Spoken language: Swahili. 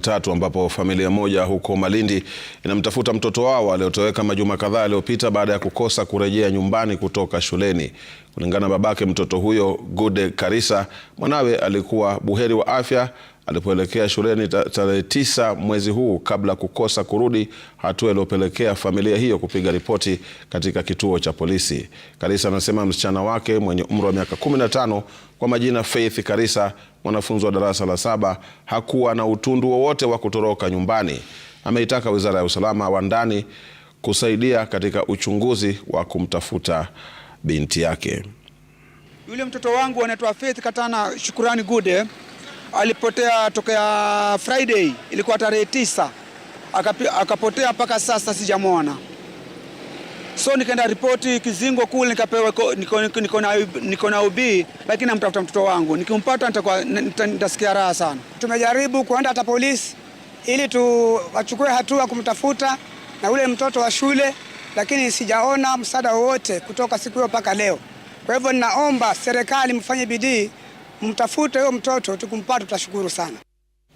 Tatu ambapo familia moja huko Malindi inamtafuta mtoto wao aliotoweka majuma kadhaa yaliyopita baada ya kukosa kurejea nyumbani kutoka shuleni. Kulingana na babake mtoto huyo Gude Karisa, mwanawe alikuwa buheri wa afya alipoelekea shuleni tarehe tisa mwezi huu kabla kukosa kurudi, hatua iliyopelekea familia hiyo kupiga ripoti katika kituo cha polisi. Karisa anasema msichana wake mwenye umri wa miaka 15 kwa majina Faith Karisa, mwanafunzi wa darasa la saba, hakuwa na utundu wowote wa kutoroka nyumbani. Ameitaka Wizara ya Usalama wa Ndani kusaidia katika uchunguzi wa kumtafuta binti yake. Yule mtoto wangu anaitwa Faith Katana Shukurani Gude alipotea tokea Friday, ilikuwa tarehe tisa, akapotea mpaka sasa sijamwona. So nikaenda ripoti Kizingo kule, nikapewa niko na ubi, lakini namtafuta mtoto wangu. Nikimpata nitasikia raha sana. Tumejaribu kuenda hata polisi ili tuwachukue hatua kumtafuta na ule mtoto wa shule, lakini sijaona msaada wowote kutoka siku hiyo mpaka leo. Kwa hivyo ninaomba serikali mfanye bidii mtafute huyo mtoto, tukumpata tutashukuru sana.